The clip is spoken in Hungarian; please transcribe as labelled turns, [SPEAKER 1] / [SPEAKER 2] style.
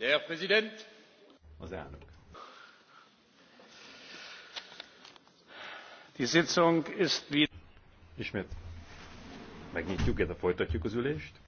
[SPEAKER 1] Der Präsident. Az elnök.
[SPEAKER 2] Die Sitzung ist wieder. Ismét folytatjuk az ülést.